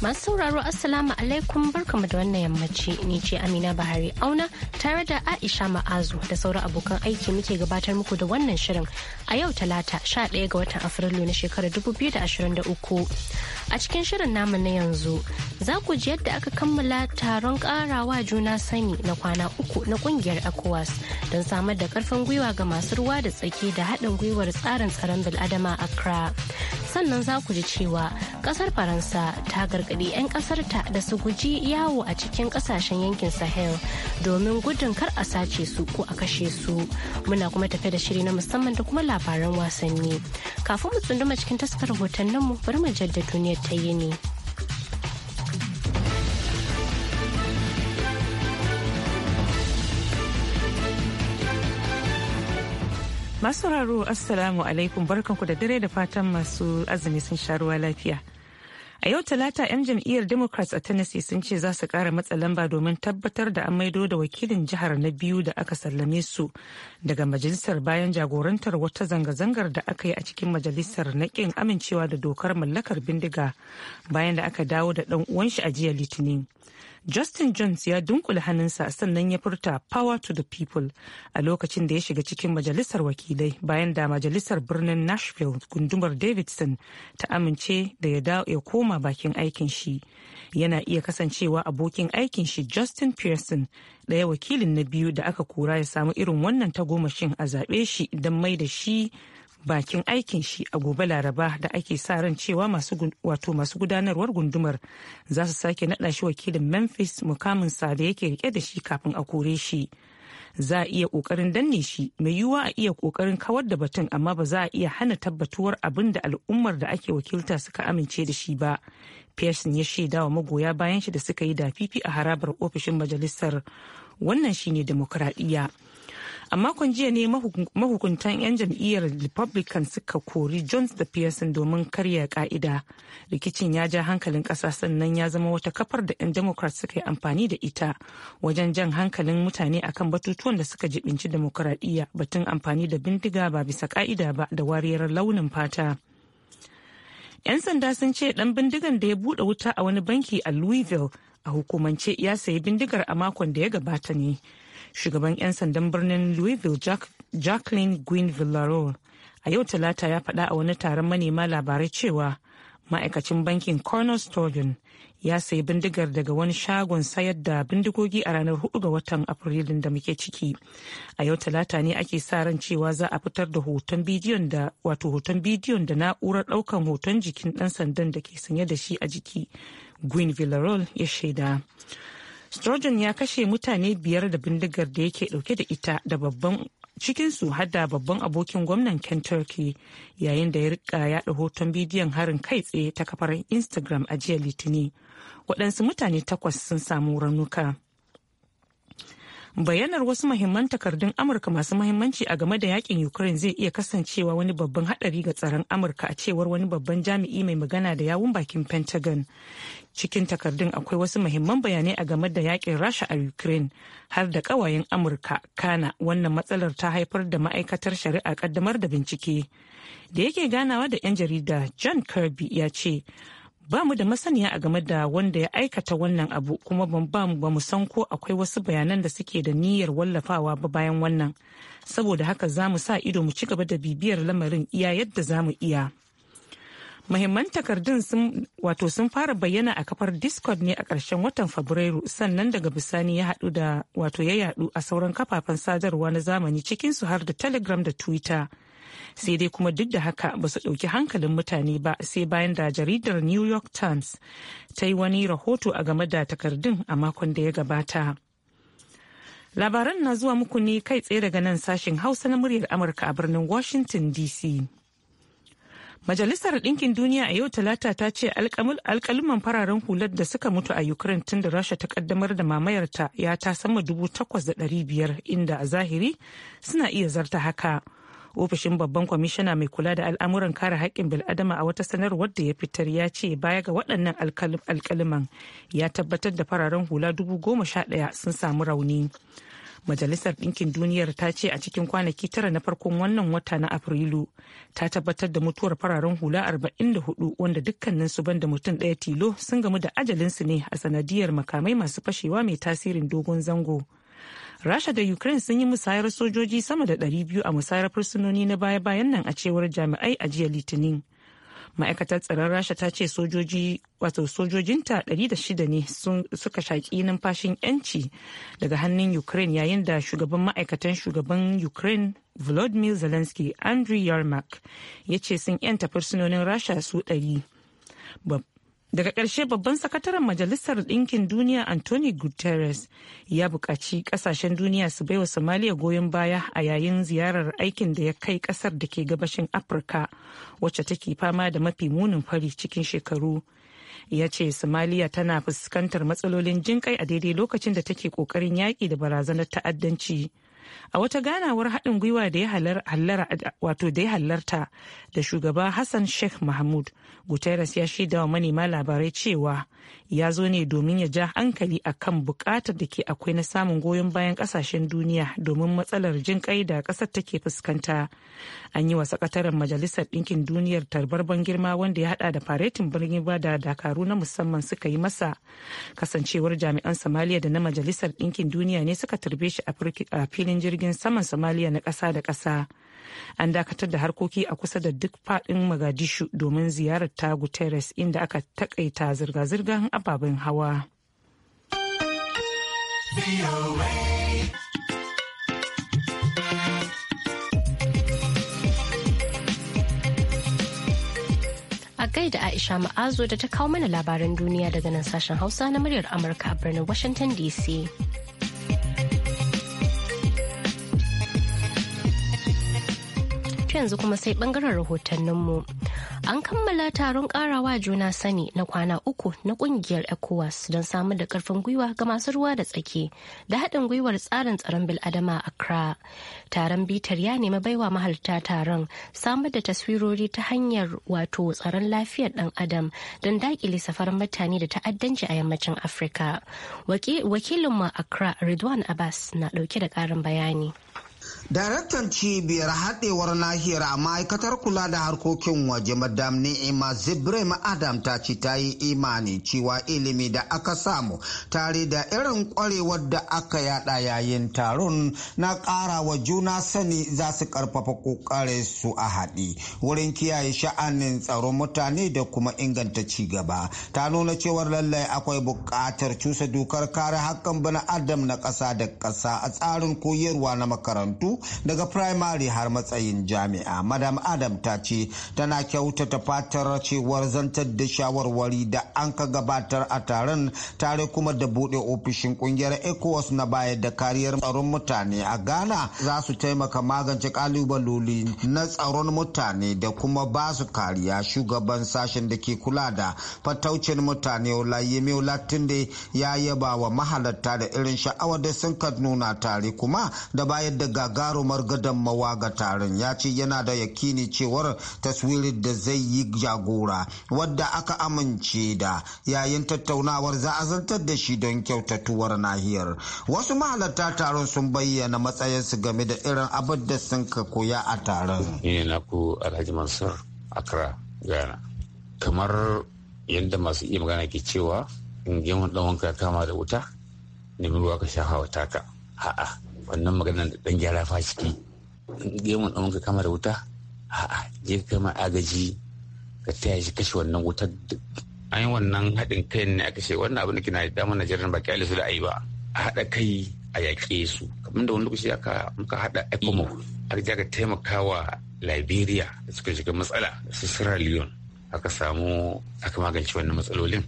Masu sauraro Assalamu alaikum barkamu da wannan yammaci ni ce Amina Bahari Auna tare da Aisha Ma'azu da sauran abokan aiki muke gabatar muku da wannan shirin a yau Talata 11 ga watan Afrilu na shekarar 2023. A cikin shirin namu na yanzu za ku ji yadda aka kammala taron karawa juna sani na kwana uku na kungiyar ECOWAS don samar da karfin gwiwa ga masu ruwa da tsaki da haɗin gwiwar tsarin tsaron bil'adama Accra. sannan za ku ji cewa kasar faransa ta gargaɗi 'yan ƙasarta da su guji yawo a cikin ƙasashen yankin sahel domin gudun kar a sace su ko a kashe su muna kuma tafe da shiri na musamman da kuma labaran wasanni kafin mu tsunduma cikin taskar mu bari mu jaddada duniyar ta yi ne Masu raro Assalamu alaikum barkanku da dare da fatan masu azumi sun sha ruwa lafiya. A yau talata 'yan jam'iyyar Democrats a Tennessee sun ce za su kara matsa lamba domin tabbatar da an maido da wakilin jihar na biyu da aka sallame su daga majalisar bayan jagorantar wata zanga-zangar da aka yi a cikin majalisar na kin amincewa da dokar mallakar bindiga bayan da aka dawo da ɗan uwan shi a jiya Litinin. Justin Jones ya dunkula hannunsa sannan ya furta power to the people a lokacin da ya shiga cikin majalisar wakilai bayan da majalisar birnin Nashville gundumar Davidson ta amince da ya ya koma bakin aikin shi. Yana iya kasancewa abokin aikin shi Justin Pearson ɗaya wakilin na biyu da aka kura ya samu irin wannan tagomashin a zaɓe shi don mai da shi bakin aikin shi a gobe laraba da ake sa ran cewa wato masu gudanarwar gundumar za su sake naɗa shi wakilin memphis mukaminsa da yake rike da shi kafin a kore shi za a iya kokarin danne shi mai yiwuwa a iya kokarin kawar da batun amma ba za a iya hana tabbatuwar abin da al'ummar da ake wakilta suka amince da shi ba pearson ya shaidawa magoya bayan shi da suka yi dafifi a harabar ofishin majalisar wannan shine demokradiyya a makon jiya ne mahukuntan 'yan jam'iyyar republican suka kori jones da pearson domin karya ka'ida rikicin ya ja hankalin ƙasa sannan ya zama wata kafar da 'yan democrat suka yi amfani da ita wajen jan hankalin mutane akan batutuwan da suka jibinci demokuraɗiyya batun amfani da bindiga ba bisa ka'ida ba da wariyar launin fata 'yan sanda sun ce dan bindigan da ya buɗe wuta a wani banki a louisville a hukumance ya sayi bindigar a makon da ya gabata ne shugaban 'yan sandan birnin louisville jacqueline gwyn villarreal a yau talata ya faɗa a wani taron manema labarai cewa ma'aikacin bankin corners Sturgeon ya sayi bindigar daga wani shagon sayar da bindigogi a ranar 4 ga watan afrilun da muke ciki a yau talata ne ake sa ran cewa za a fitar da hoton bidiyon da wato hoton bidiyon da na'urar daukan hoton jikin dan sandan da ke sanye da shi a jiki gwyn villarreal ya shaida sturgeon ya kashe mutane biyar da bindigar da yake dauke da ita da babban cikinsu hada babban abokin gwamnan kentucky yayin da ya rika yaɗa hoton bidiyon harin kai tsaye ta kafar instagram a jiya litini waɗansu mutane takwas sun samu raunuka. bayanar wasu mahimman takardun amurka masu mahimmanci a game da yakin ukraine zai iya kasancewa wani babban hadari ga tsaron amurka a cewar wani babban jami'i mai magana da yawun bakin pentagon cikin takardun akwai wasu mahimman bayanai a game da yakin rasha a ukraine har da kawayen amurka kana wannan matsalar ta haifar da ma'aikatar shari'a kaddamar da bincike da yake ganawa da 'yan jarida john kirby ya ce ba mu da masaniya a game da wanda ya aikata wannan abu kuma ban ba mu san ko akwai wasu bayanan da suke da niyyar wallafawa ba bayan wannan saboda haka za mu sa ido mu ci gaba da bibiyar lamarin iya yadda za mu iya muhimman takardun sun wato sun fara bayyana a kafar discord ne a ƙarshen watan fabrairu sannan daga bisani ya haɗu da wato ya yaɗu a sauran kafafen sadarwa na zamani cikinsu har da telegram da twitter sai dai kuma duk da haka ba su ɗauki hankalin mutane ba sai bayan da jaridar new york times ta yi wani rahoto a game da takardun a makon da ya gabata labaran na zuwa muku ne kai tsaye daga nan sashen hausa na muryar amurka a birnin washington dc Majalisar Ɗinkin Duniya a yau Talata ta ce alkaluman fararen hular da suka mutu a Ukraine tun da Rasha ta kaddamar da mamayarta ya ta sama dubu takwas da ɗari biyar inda a zahiri suna iya zarta haka. ofishin babban kwamishina mai kula da al'amuran kare haƙƙin bil'adama a wata sanarwar da ya fitar ya ce baya ga waɗannan alkaliman ya tabbatar da fararen hula dubu goma sha ɗaya sun samu rauni majalisar ɗinkin duniyar ta ce a cikin kwanaki tara na farkon wannan wata na afrilu ta tabbatar da mutuwar fararen hula 44 wanda dukkanin su banda mutum ɗaya tilo sun gamu da ajalinsu ne a sanadiyar makamai masu fashewa mai tasirin dogon zango. rasha da ukraine sun yi musayar sojoji sama da 200 a musayar fursunoni na baya-bayan nan a cewar jami'ai a jiya litinin ma'aikatar tsaron rasha ta ce sojoji wato sojojinta shida ne suka shaƙi numfashin yanci daga hannun ukraine yayin da shugaban ma'aikatan shugaban ukraine volodymyr zelensky andriy yarmak ya ce sun yanta fursunonin rasha su 100 daga ƙarshe babban sakataren majalisar ɗinkin duniya anthony guterres ya buƙaci ƙasashen duniya su baiwa Somalia goyon baya a yayin ziyarar aikin da ya kai ƙasar da ke gabashin afirka wacce take fama da mafi munin fari cikin shekaru ya ce Somalia tana fuskantar matsalolin jinƙai a daidai lokacin da take ƙoƙarin yaƙi da barazanar ta'addanci a wata ganawar haɗin gwiwa da ya halarta da shugaba hassan sheikh mahmud guterres ya shaida wa manema labarai cewa ya zo ne domin ya ja hankali a kan bukatar da ke akwai na samun goyon bayan ƙasashen duniya domin matsalar jin kai da ƙasar take fuskanta an yi wa sakataren majalisar ɗinkin duniyar tarbarban girma wanda ya haɗa da faretin birnin da dakaru na musamman suka yi masa kasancewar jami'an somaliya da na majalisar ɗinkin duniya ne suka tarbe shi a filin jirgin saman somaliya na ƙasa da ƙasa an dakatar da harkoki a kusa da duk faɗin magadishu domin ziyarar ta guterres inda aka takaita zirga-zirgar ababen hawa a gaida Aisha Ma'azo da ta kawo mana labaran duniya daga nan sashen Hausa na muryar Amurka a birnin Washington DC. yanzu kuma sai bangaren rahotanninmu. An kammala taron karawa juna sani na kwana uku na kungiyar ECOWAS don samar da karfin gwiwa ga masu ruwa da tsaki da haɗin gwiwar tsarin tsaron bil'adama a Accra. Taron bitar ya nemi baiwa mahalarta taron samar da taswirori ta hanyar wato tsaron lafiyar ɗan adam don daƙile safarin mutane da ta'addanci a yammacin Afirka. Wakilinmu Accra Ridwan Abbas na ɗauke da ƙarin bayani. Daraktan cibiyar haɗewar nahiyar a ma'aikatar kula da harkokin waje madam ni'ima zibrem adam ta ce ta yi imani cewa ilimi da aka samu tare da irin ƙwarewar da aka yada yayin taron na ƙara wa juna sani za su ƙarfafa ƙoƙarin su a haɗi wurin kiyaye sha'anin tsaron mutane da kuma inganta cigaba. ta nuna cewar lallai akwai buƙatar cusa dokar kare haƙƙin bana adam na ƙasa da ƙasa a tsarin koyarwa na makarantu daga firamare har matsayin jami'a madam adam ta ce tana kyautata fatar cewar zantar da shawarwari da an ka gabatar a taron tare kuma da bude ofishin ƙungiyar ecowas na baya da kariyar tsaron mutane a ghana za su taimaka magance kalubaloli na tsaron mutane da kuma ba su kariya shugaban sashen da ke kula da fataucin mutane olayemi olatunde ya yaba wa mahalarta da irin sha'awar da sun ka nuna tare kuma da bayar da gagarumar gadammawa ga taron ya ce yana da yakini cewar taswirin da zai yi jagora wadda aka amince da yayin tattaunawar za a zartar da shi don kyautatuwar nahiyar wasu mahalarta taron sun bayyana matsayinsu game da irin abin da sun ka koya a taron. Ni Accra, Ghana. Kamar yadda masu iya magana ke cewa in gemun ɗan wanka kama da wuta, nemi ruwa ka sha hawa taka. A'a, wannan maganar da dan gyara fa ciki gemun ɗan ka kama da wuta a'a je ka kama agaji ka taya shi kashe wannan wutar an yi wannan haɗin kai ne aka ce wannan abin da kina da damar najeriya ba kyale da ba a haɗa kai a yaƙe su kamar da wani lokaci aka muka haɗa ecomo aka ga ga taimaka liberia da suka shiga matsala su sierra leone aka samu aka magance wannan matsalolin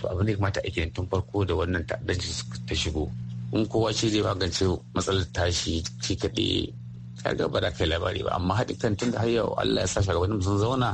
to abin da ya kamata ake tun farko da wannan ta'addanci ta shigo in kowa shi zai magance matsalar tashi shi kaɗe kaga ba da kai labari ba amma haɗin kan tun da har yau Allah ya sa shugabannin sun zauna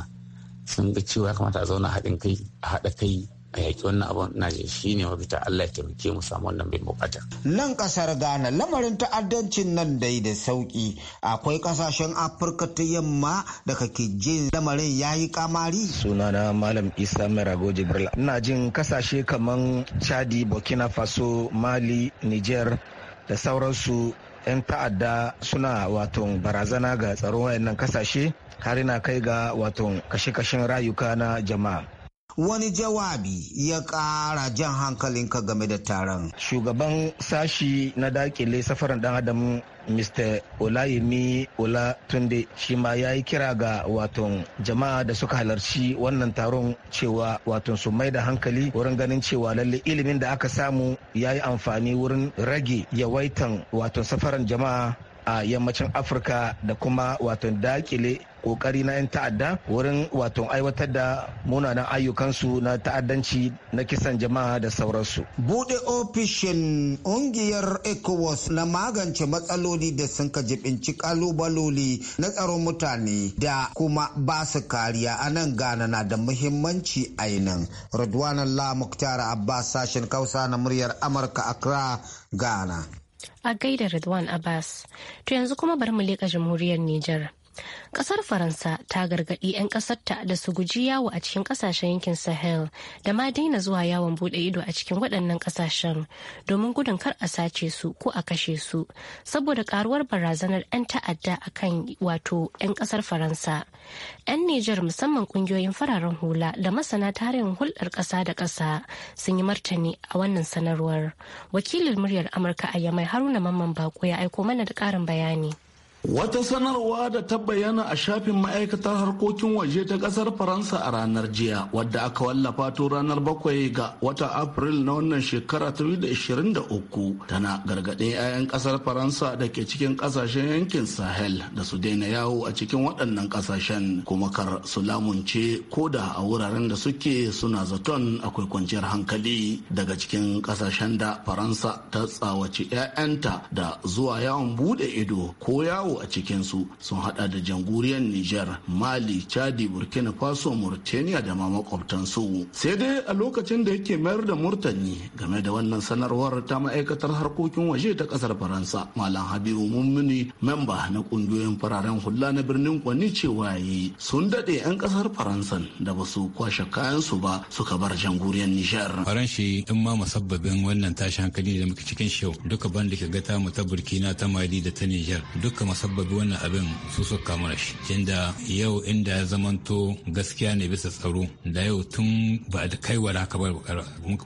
sun ga cewa ya kamata a zauna haɗin kai a haɗa kai a yaƙi wannan abin na je shi ne mafita Allah ya taimake mu samu wannan bin bukata. Nan ƙasar Ghana lamarin ta'addancin nan dai da sauƙi akwai ƙasashen Afirka ta yamma da kake jin lamarin ya yi kamari. Sunana Malam Isa marago Jibril. Ina jin ƙasashe kaman Chadi, Burkina Faso, Mali, Niger da sauransu 'yan ta'adda suna wato barazana ga tsaron wayannan kasashe har ina kai ga wato kashe-kashen rayuka na jama'a wani jawabi ya ƙara jan hankalinka game da taron. Shugaban sashi na dakile safarin dan adam Mr. Olayemi Tunde shi ma ya yi kira ga waton jama'a da suka halarci wannan taron cewa waton su mai da hankali wurin ganin cewa lalle ilimin da aka samu ya yi amfani wurin rage yawaitan waton safaran jama'a a yammacin afirka da kuma wato dakile kokari na 'yan ta'adda wurin wato aiwatar da munanan ayyukansu na ta'addanci na kisan jama'a da sauransu. Bude ofishin ƙungiyar ECOWAS na magance matsaloli da sun ka jibinci kalubaloli na tsaron mutane da kuma ba su kariya a nan Ghana na da muhimmanci ainihin. Radwanan La Muktara Abbas sashen Kausa na muryar Amurka Accra, Ghana. A gaida Ridwan Abbas, to yanzu kuma bari mu leƙa jamhuriyar Nijar. Kasar Faransa ta gargaɗi 'yan ƙasarta da su guji yawo a cikin ƙasashen yankin Sahel da ma daina zuwa yawon buɗe ido a cikin waɗannan ƙasashen domin gudun kar a sace su ko a kashe su saboda karuwar barazanar 'yan ta'adda a kan wato 'yan ƙasar Faransa. 'Yan Nijar musamman ƙungiyoyin fararen hula da masana tarihin hulɗar ƙasa da ƙasa sun yi martani a wannan sanarwar. Wakilin muryar Amurka a Yamai Haruna Mamman Bako ya aiko mana da ƙarin bayani. Wata sanarwa da ta bayyana a shafin ma'aikatar harkokin waje ta kasar Faransa a ranar jiya wadda aka wallafa to ranar bakwai ga wata Afril na wannan shekara 2023 tana gargaɗe 'ya'yan kasar Faransa da ke cikin ƙasashen yankin Sahel da su daina yawo a cikin waɗannan ƙasashen. kuma kar su lamunce ko da a wuraren da suke suna zaton akwai kwanciyar hankali daga cikin ƙasashen da Faransa ta tsawaci 'ya'yanta da zuwa yawon bude ido ko yawo a a su sun hada da jamhuriyar Nijar, Mali, Chadi, Burkina Faso, Mauritania da ma makwabtansu. Sai dai a lokacin da yake mayar da murtani game da wannan sanarwar ta ma'aikatar harkokin waje ta kasar Faransa, Malam Habibu Mummuni, memba na kungiyoyin fararen hula na birnin Kwani cewa yi sun dade 'yan kasar faransa da ba su kwashe kayansu ba suka bar jamhuriyar Nijar. Faranshi in ma musabbabin wannan tashin hankali da muke cikin shi duka banda ke gata mu ta Burkina ta Mali da ta Nijar duka tasabbabi wannan abin su suka mana shi tunda yau inda ya zamanto gaskiya ne bisa tsaro da yau tun ba da kai wa haka ba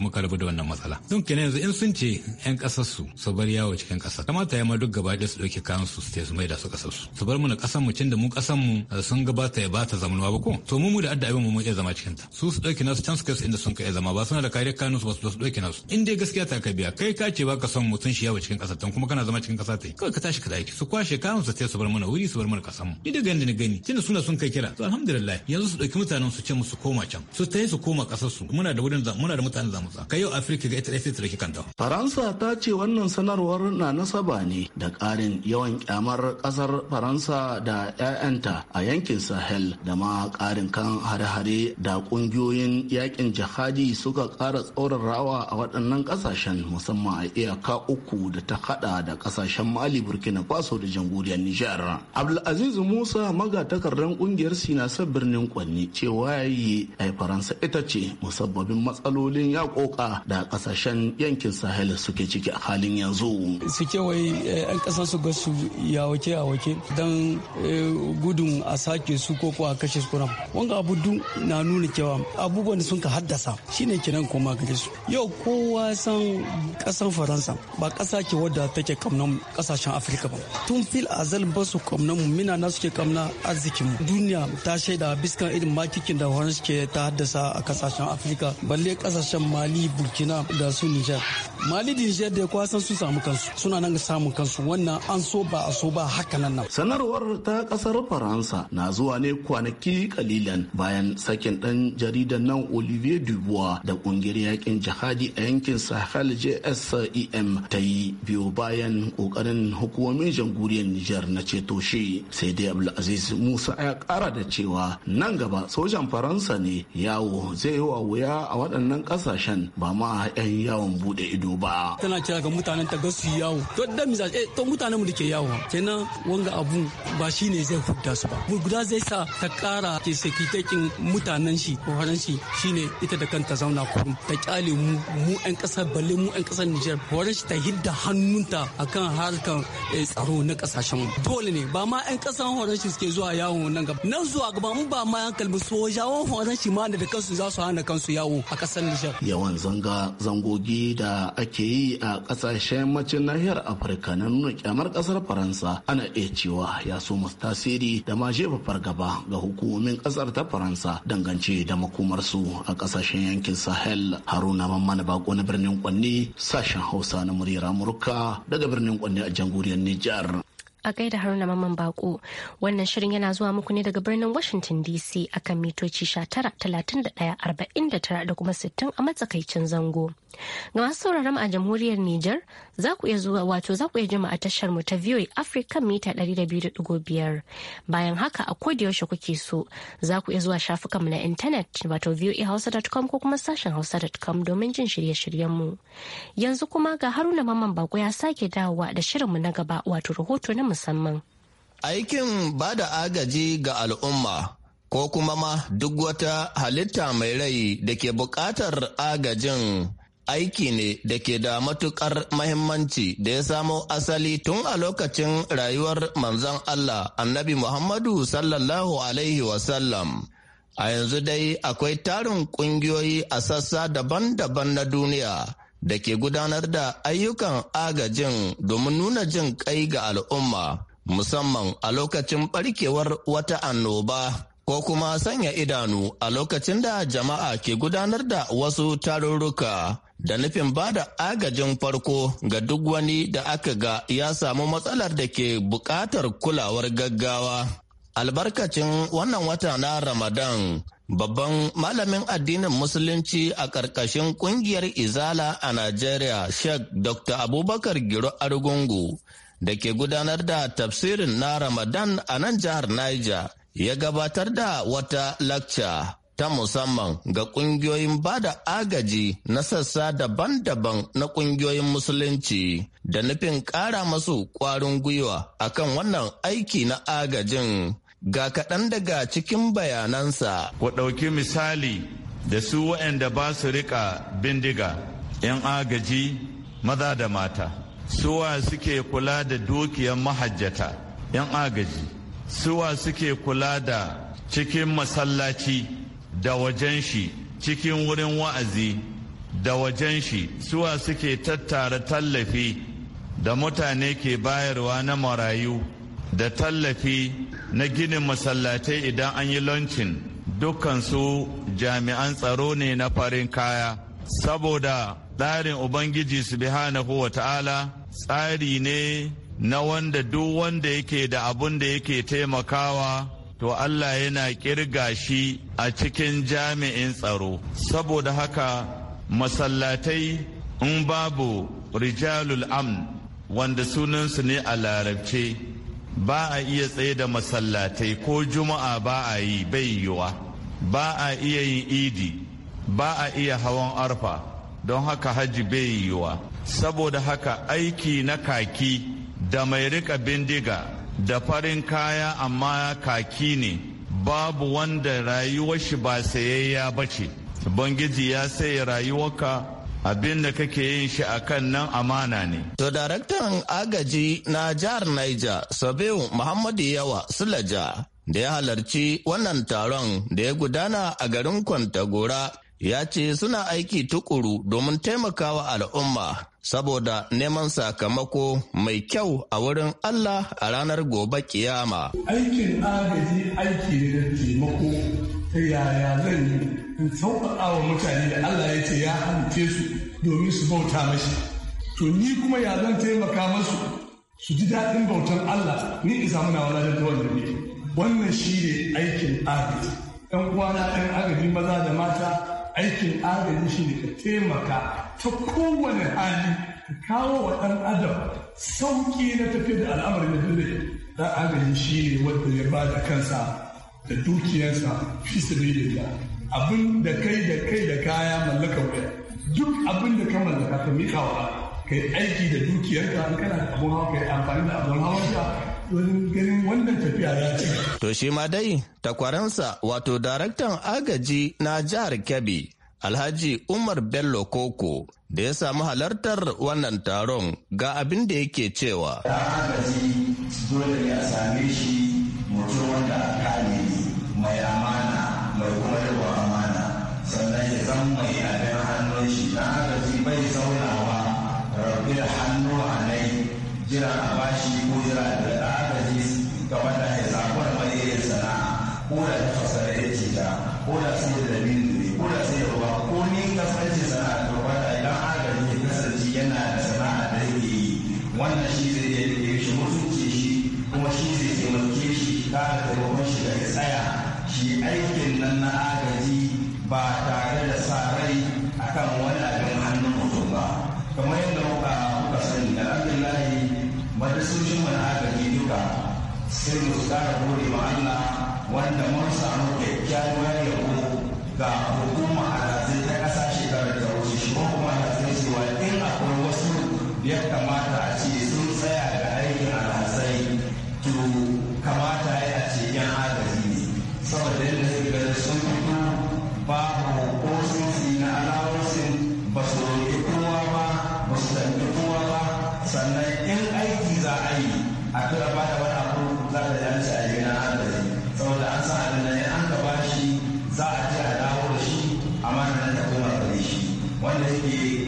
muka rabu da wannan matsala don kenan yanzu in sun ce yan kasar su su bar yawo cikin kasar kamata ya ma duk gaba ɗaya su ɗauki kayan su su su mai da su kasar su su bar mu na kasar mu tunda mu kasar mu eh, sun gabata ya ba ta zamanuwa ba ko to mu mu da adda abin mu mun iya zama cikin ta su su ɗauki nasu can su kai su inda sun kai zama ba suna da kare kanu su ba su ɗauki nasu in dai gaskiya ta ka biya kai ka ce ba ka son mutum shi yawo cikin kasar kuma kana zama cikin kasar ta kawai ka tashi ka aiki su kwashe kayan su su sai su bar mana wuri su bar mana kasan ni da ganin da gani tunda suna sun kai kira to alhamdulillah yanzu su dauki mutanen su ce musu koma can su tayi su koma kasar su muna da wurin muna da mutanen zamu tsaka yau afrika ga ita ta kanta faransa ta ce wannan sanarwar na nasaba ne da karin yawan kyamar kasar faransa da 'ya'yanta a yankin sahel da ma karin kan hare-hare da kungiyoyin yakin jihadi suka kara tsoron rawa a waɗannan kasashen musamman a iyaka uku da ta hada da ƙasashen mali burkina faso da jamhuriyar jamhuriyar Nijar. Abdulaziz Musa magatakardar kungiyar Sinasa birnin Kwanni cewa waye ai Faransa ita ce musabbabin matsalolin yakoka da kasashen yankin Sahel suke ciki a halin yanzu. Su wai 'yan eh, kasar su ga su yawake yawake don eh, gudun a sake su ko ko a kashe su kuram. Wanga abu na nuna cewa abubuwan da sun ka haddasa shine kiran koma gare su. Yau kowa san kasar Faransa ba kasa ke wadda take kamnan kasashen Afirka ba. Tun fil a azalin ba su kamna mu mina na suke kamna arzikin mu duniya ta shaida biskan irin makikin da wani suke ta haddasa a kasashen afirka balle kasashen mali burkina da su nijar mali da nijar da san su samu kansu suna nan samun kansu wannan an so ba a so ba haka nan nan sanarwar ta kasar faransa na zuwa ne kwanaki kalilan bayan sakin dan jaridan nan olivier dubois da kungiyar yakin jihadi a yankin sahel jsem ta yi biyo bayan kokarin hukumomin jamhuriyar nijar Nijar na ceto shi sai dai Abdulaziz Musa ya kara da cewa nan gaba sojan Faransa ne yawo zai yi wa wuya a waɗannan ƙasashen ba ma 'yan yawon bude ido ba. Tana cewa ga mutanen ta gasu yawo to da misa eh to mutanen mu da ke yawo kenan wanga abu ba shi ne zai hudda su ba. Guda zai sa ta kara ke sekitakin mutanen shi ko shi shine ita da kanta zauna kurum ta kyale mu mu 'yan ƙasar balle mu 'yan kasar Nijar horon shi ta hidda hannunta akan harkan eh, tsaro na kasashen yawo. dole ne ba ma 'yan ƙasar horon shi suke zuwa yawo nan gaba nan zuwa gaba mu ba ma yan kalbi sojawan horon shi ma da kansu za su hana kansu yawo a kasar Nijar. Yawan zanga zangogi da ake yi a ƙasashen macin nahiyar Afirka na nuna kyamar kasar Faransa ana iya cewa ya so masu tasiri da ma jefa fargaba ga hukumomin ƙasar ta Faransa dangance da makomarsu a ƙasashen yankin Sahel Haruna Mamman Bako na birnin Kwanni sashen Hausa na muryar Amurka daga birnin Kwanni a jamhuriyar Nijar. a gaida haruna maman bako wannan shirin yana zuwa muku ne daga birnin washington dc akan mitoci 19,31,49 da kuma 60 a matsakaicin zango ga masu sauraron a jamhuriyar niger za ku iya zuwa wato za ku iya jima a tashar mu ta voa africa mita 200.5 bayan haka a kodi yaushe kuke so za ku iya zuwa shafukanmu na intanet wato voahausa.com ko kuma sashen hausa.com domin jin shirye shiryen mu yanzu kuma ga haruna maman bako ya sake dawowa da shirinmu na gaba wato rahoto na musamman. Aikin ba da agaji ga al'umma ko kuma ma duk wata halitta mai rai da ke buƙatar agajin aiki ne da ke da matuƙar mahimmanci da ya samo asali tun a lokacin rayuwar manzon Allah annabi Muhammadu sallallahu Alaihi wasallam. A yanzu dai akwai tarin ƙungiyoyi a sassa daban-daban na duniya da ke gudanar da ayyukan agajin domin nuna jin kai ga al'umma musamman a lokacin barkewar wata annoba ko kuma sanya idanu a lokacin da jama'a ke gudanar da wasu tarurruka da nufin ba da agajin farko ga duk wani da aka ga ya samu matsalar da ke buƙatar kulawar gaggawa. Albarkacin wannan wata na Ramadan Babban malamin addinin Musulunci a ƙarƙashin ƙungiyar Izala a Najeriya, Sheikh Dr. Abubakar Giro Argungu, da ke gudanar da tafsirin na Ramadan a nan jihar Niger, ya gabatar da wata lakca ta musamman ga ƙungiyoyin ba da agaji na sassa daban-daban na ƙungiyoyin Musulunci, da nufin ƙara masu ƙwarin gwiwa akan wannan aiki na agajin. Ga kaɗan daga cikin bayanansa. Ku ɗauki misali da su waɗanda ba su riƙa bindiga, 'yan agaji maza da mata, suwa suke kula da dukiyar mahajjata, 'yan agaji, suwa suke kula da cikin masallaci da wajen shi, cikin wurin wa'azi da wajen shi, suwa suke tattara tallafi da mutane ke bayarwa na marayu. da tallafi na ginin masallatai idan an yi lancin dukansu jami'an tsaro ne na farin kaya saboda tsarin ubangiji subhanahu wa ta'ala tsari ne na wanda duk wanda yake da abun da yake taimakawa to Allah yana kirga shi a cikin jami'in tsaro saboda haka masallatai in babu rijalul amn wanda sunansu ne a larabce ba a iya tsaye da masallatai ko juma'a ba a yi bai yiwa ba a iya yin idi ba a iya hawan arfa don haka hajji bai yiwa saboda haka aiki na kaki da mai rika bindiga da farin kaya amma kaki ne babu wanda rayuwar shi ba sayayya ba ce Bangiji ya sayi rayuwarka abin da kake yin shi a kan nan amana ne. To daraktan agaji na jihar Niger, Sabiu Muhammadu Yawa Sulaja, da ya halarci wannan taron da ya gudana a garin Kwantagora, ya ce suna aiki tukuru domin taimakawa al'umma saboda neman sakamako mai kyau a wurin Allah a ranar gobe kiyama. Aikin agaji aiki ne da taimako ta yaya zan yi sauƙaƙa wa mutane da Allah ya ce ya halitte su domin su bauta mashi to ni kuma ya zan taimaka masu su ji daɗin bautan Allah ni isa muna wani da ta da wannan shi ne aikin agaji ɗan kwana ɗan agaji maza da mata aikin agaji shi ne ka taimaka ta kowane hali ka kawo wa ɗan adam sauƙi na tafiya da al'amarin da dole ɗan agaji shi ne wanda ya ba da kansa da dukiyarsa fi da abin da kai da kai da kaya mallakar wuya duk abin da ka mallaka ka miƙa wa ka yi aiki da dukiyarka in kana da abun hawa ka yi amfani da abun hawa ka wajen ganin wannan tafiya ya ce. To shi ma dai takwaransa wato daraktan agaji na jihar Kebbi Alhaji Umar Bello Koko da ya samu halartar wannan taron ga abin da yake cewa. Da agaji dole ya same shi mutum wanda a mai san mai abin hannun shi na agaji bai saunawa rabbi da hannu a nai jira a bashi ko jira da agaji gaba da ya zaɓar sana'a ko da ta fasara ya ce ta ko da sai da dabin ne ko da sai ruwa ko ni kasance sana'a ta ruwa da idan agaji na kasance yana da sana'a da yake yi wannan shi zai iya rike shi mutunci shi kuma shi zai taimake shi ta da taimakon shi da ya tsaya shi aikin nan na agaji ba ta. sai mu tsara gode wa Allah wanda mun samu kyakkyawar yabo ga hukuma alhazai ta ƙasa shekarar da wuce shi kuma alhazai cewa in akwai wasu ya kamata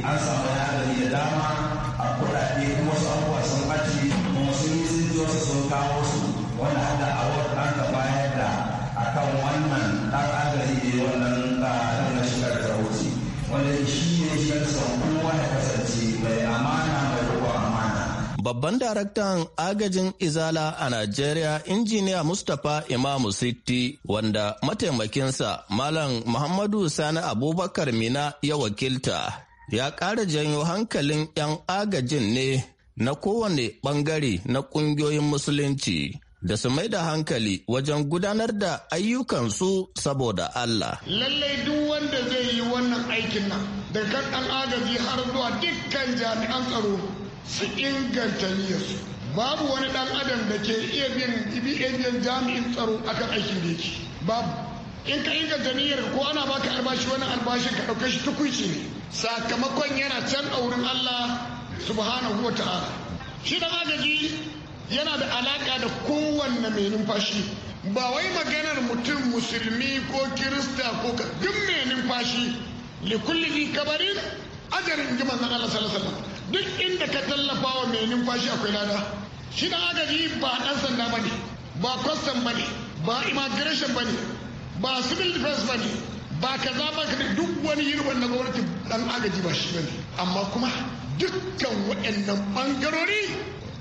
an samu yanayi da dama a kuɗaɗe kuma wasu abubuwa sun ɓace kuma sun yi sun wasu sun kawo su wanda haka a wata an ka bayar da a kan wannan ɗan agari ne wannan ɗan na shigar da wuce wanda shi ne shigar da kuma ya kasance mai amana mai ruwa amana. Babban daraktan agajin Izala a Najeriya, injiniya Mustapha Imamu Sitti, wanda mataimakinsa Malam Muhammadu Sani Abubakar Mina ya wakilta, ya ƙara janyo hankalin 'yan agajin ne na kowane ɓangare na ƙungiyoyin musulunci da su mai da hankali wajen gudanar da ayyukansu saboda Allah. Lallai duk wanda zai yi wannan aikin nan da kan ɗan agaji har zuwa dukkan jami'an tsaro su inganta niyyarsu. Babu wani ɗan adam da ke iya biyan jami'in tsaro akan aikin da yake. Babu. in ka inganta niyyar ko ana baka albashi wani albashi ka dauke shi tukuici ne sakamakon yana can a wurin Allah subhanahu wa ta'ala shi da agaji yana da alaka da kowanne mai numfashi ba wai maganar mutum musulmi ko kirista ko duk mai numfashi kulli fi kabarin ajarin jiman na Allah sallallahu duk inda ka tallafa wa mai numfashi akwai lada shi da agaji ba dan sanda bane ba kwastan bane ba immigration bane ba civil defense ba ne ba ka zama ka duk wani yirwan na gwamnati dan agaji ba shi ne amma kuma dukkan waɗannan bangarori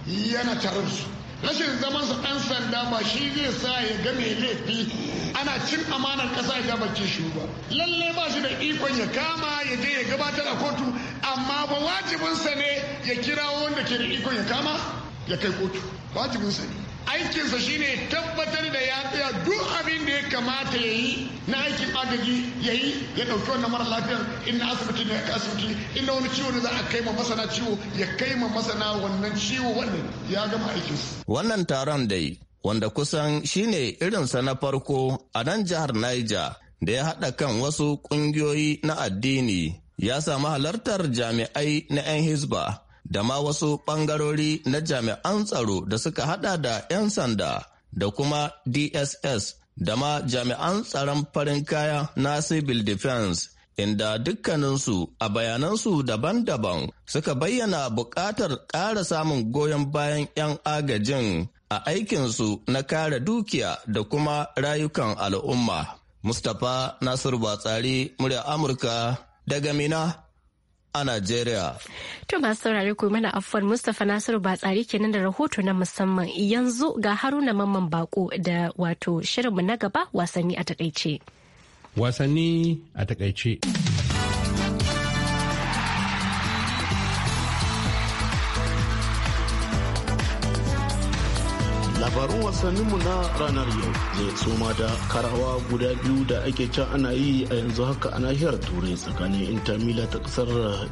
yana tare su rashin zaman sa ɗan sanda ba shi zai sa ya ga mai laifi ana cin amanar ƙasa ya bakin shi ba lalle ba shi da ikon ya kama ya je ya gabatar a kotu amma ba wajibinsa ne ya kira wanda ke da ikon ya kama ya kai kotu wajibinsa ne aikinsa shine tabbatar da ya tsaya duk abin da ya kamata ya yi na aikin agaji ya yi ya ɗauki wannan mara lafiyar inda asibiti ne aka asibiti inda wani ciwo ne za a kai ma masana ciwo ya kai ma masana wannan ciwo wannan ya gama aikinsa. wannan taron dai wanda kusan shine irinsa na farko a nan jihar niger da ya haɗa kan wasu ƙungiyoyi na addini ya samu halartar jami'ai na 'yan hisba da ma wasu ɓangarori na jami'an tsaro da suka hada da 'yan sanda da kuma dss da ma jami'an tsaron farin kaya na civil defense inda dukkaninsu a bayanansu daban-daban suka bayyana buƙatar ƙara samun goyon bayan 'yan agajin a aikinsu na kare dukiya da kuma rayukan al'umma. Mustapha Nasiru Batsari, murya Amurka daga Mina a Najeriya. To masu saurare ku mana afuwar Mustapha Nasiru ba Batsari kenan da rahoto na musamman yanzu ga Haruna Mamman Bako da wato shirinmu na gaba wasanni a takaice. Wasanni a takaice. labarun wasanninmu na ranar yau zai tsoma da karawa guda biyu da ake can ana yi a yanzu haka a nahiyar turai tsakanin inter milan ta kasar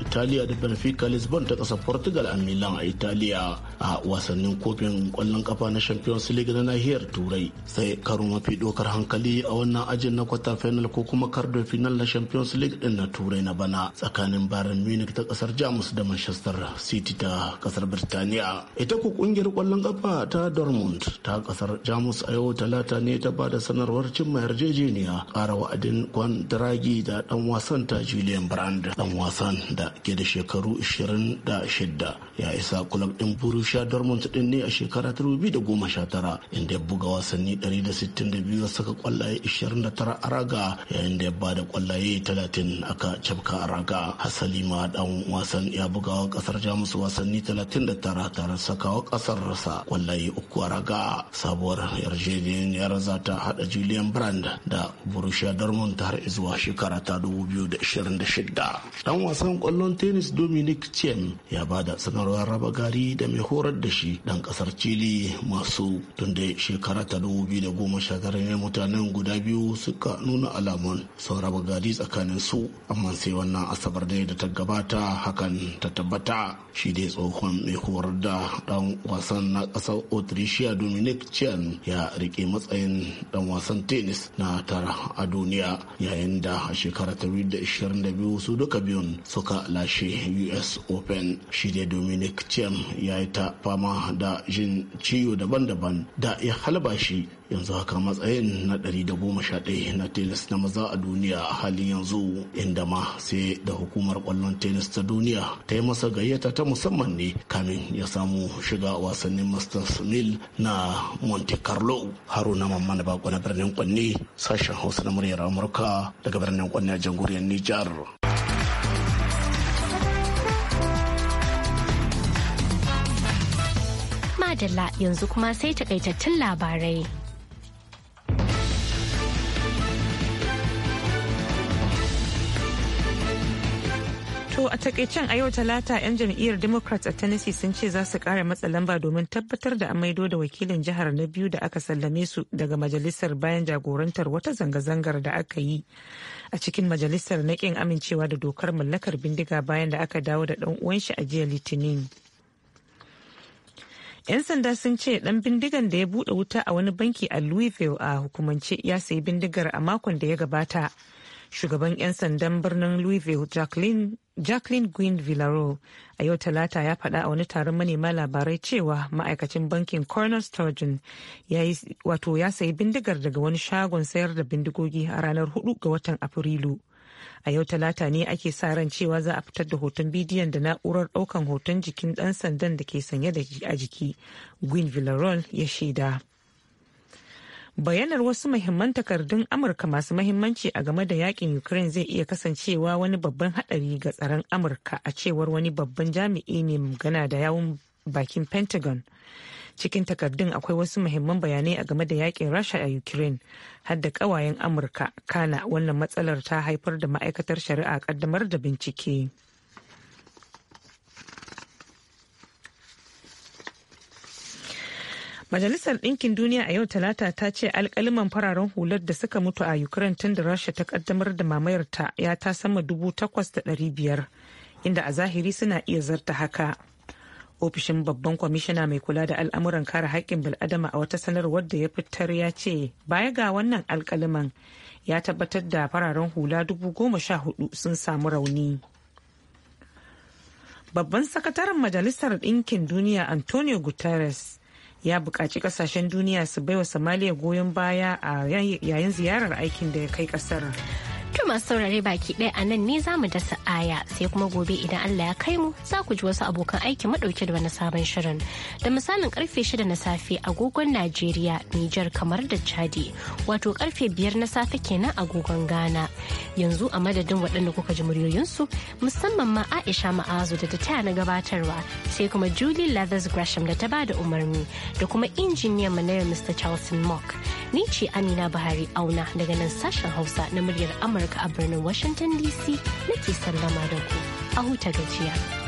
italiya da benfica lisbon ta kasar portugal a milan a italiya a wasannin kofin kwallon kafa na champions league na nahiyar turai sai karo mafi dokar hankali a wannan ajin na quarter final ko kuma kardo final na champions league din na turai na bana tsakanin bayern munich ta kasar jamus da manchester city ta kasar birtaniya ita ku kungiyar kwallon kafa ta dortmund ta kasar jamus a yau talata ne ta ba da sanarwar cimma yarjejeniya kara wa'adin kwan dragi da dan wasan ta julian brand dan wasan da ke da shekaru 26 ya isa kulab din borussia dortmund din ne a shekara 2019 inda ya buga wasanni 162 saka kwallaye 29 a raga yayin da ya ba da kwallaye 30 aka cafka a raga hasali ma dan wasan ya buga wa kasar jamus wasanni 39 tare sakawa kasar rasa kwallaye uku a raga da sabuwar yarjejeniyar za ta hada julian brand da borussia dortmund har zuwa shekara ta 2026 dan wasan kwallon tennis dominic thiem ya ba da sanarwar raba gari da mai horar da shi dan kasar chile masu tunda shekara ta 2019 ne mutanen guda biyu suka nuna alamun sun raba gari tsakanin su amma sai wannan asabar dai da ta gabata hakan ta tabbata shi dai tsohon mai horar da dan wasan na kasar autricia dominic chan ya rike matsayin dan wasan tennis na tara a duniya yayin da a shekara ta 2022 su duka biyun suka lashe us open shi dai dominic chan ya yi ta fama da jin ciwo daban-daban da ya halba shi yanzu haka matsayin na 111 na tenis na maza a duniya a halin yanzu inda ma sai da hukumar kwallon tenis ta duniya ta yi masa gayyata ta musamman ne kamin ya samu shiga wasannin masters mil na monte carlo haruna mamman bako na birnin kwanne sashen hausa na muryar amurka daga birnin kwanne a jamhuriyar nijar madalla yanzu kuma sai takaitattun labarai To a takaicen a yau talata 'yan jam'iyyar Democrats a Tennessee sun ce za su kara matsa lamba domin tabbatar da maido da wakilin jihar na biyu da aka sallame su daga majalisar bayan jagorantar wata zanga-zangar da aka yi a cikin majalisar na kin amincewa da dokar mallakar bindiga bayan da aka dawo da ɗan uwan shi a jiya Litinin. 'yan sanda sun ce dan bindigan da ya bude wuta a wani banki a louisville a hukumance ya sayi bindigar a makon da ya gabata shugaban 'yan sandan birnin louisville jacqueline jacqueline gwyn villaro a yau talata ya faɗa a wani taron manema labarai cewa ma'aikacin bankin corner sturgeon wato ya sayi bindigar daga wani shagon sayar da bindigogi a ranar 4 ga watan afrilu a yau talata ne ake sa ran cewa za a fitar da hoton bidiyon da na'urar daukan hoton jikin dan sandan da ke sanye da a jiki gwyn villarol ya shaida bayanar wasu mahimman takardun amurka masu mahimmanci a game da yakin ukraine zai iya kasancewa wani babban hadari ga tsaron amurka a cewar wani babban jami'i ne magana da yawun bakin pentagon cikin takardun akwai wasu mahimman bayanai a game da yakin rasha a ukraine har da kawayen amurka kana wannan matsalar ta haifar da ma'aikatar shari'a kaddamar da bincike. Majalisar Ɗinkin Duniya a yau Talata ta ce alkaliman fararen hular da suka mutu a Ukraine tun da Rasha ta kaddamar da mamayarta ya ta sama dubu takwas da ɗari biyar, inda a zahiri suna iya zarta haka. Ofishin babban kwamishina mai kula da al'amuran kare haƙƙin bil'adama a wata sanarwar da ya fitar ya ce baya ga wannan alkaliman ya tabbatar da fararen hula dubu goma sha hudu sun samu rauni. Babban sakataren Majalisar Ɗinkin Duniya Antonio Guterres ya buƙaci ƙasashen duniya su baiwa somalia goyon baya a yayin ziyarar aikin da ya kai ƙasar. To masu saurare baki ɗaya a nan ne za mu dasa aya sai kuma gobe idan Allah ya kai mu za ku ji wasu abokan aiki maɗauke da wani sabon shirin. Da misalin karfe shida na safe agogon Najeriya, Nijar kamar da Chadi, wato karfe biyar na safe kenan agogon Ghana. Yanzu a madadin waɗanda kuka ji muryoyinsu musamman ma Aisha Ma'azu da ta taya na gabatarwa sai kuma Julie Leathers Gresham da ta ba da umarni da kuma injiniyan mu na Mr. Charleston Mock. Ni ce Amina Buhari Auna daga nan sashen Hausa na muryar Amurka. Amurka a birnin Washington DC nake sallama da ku. A huta gajiya.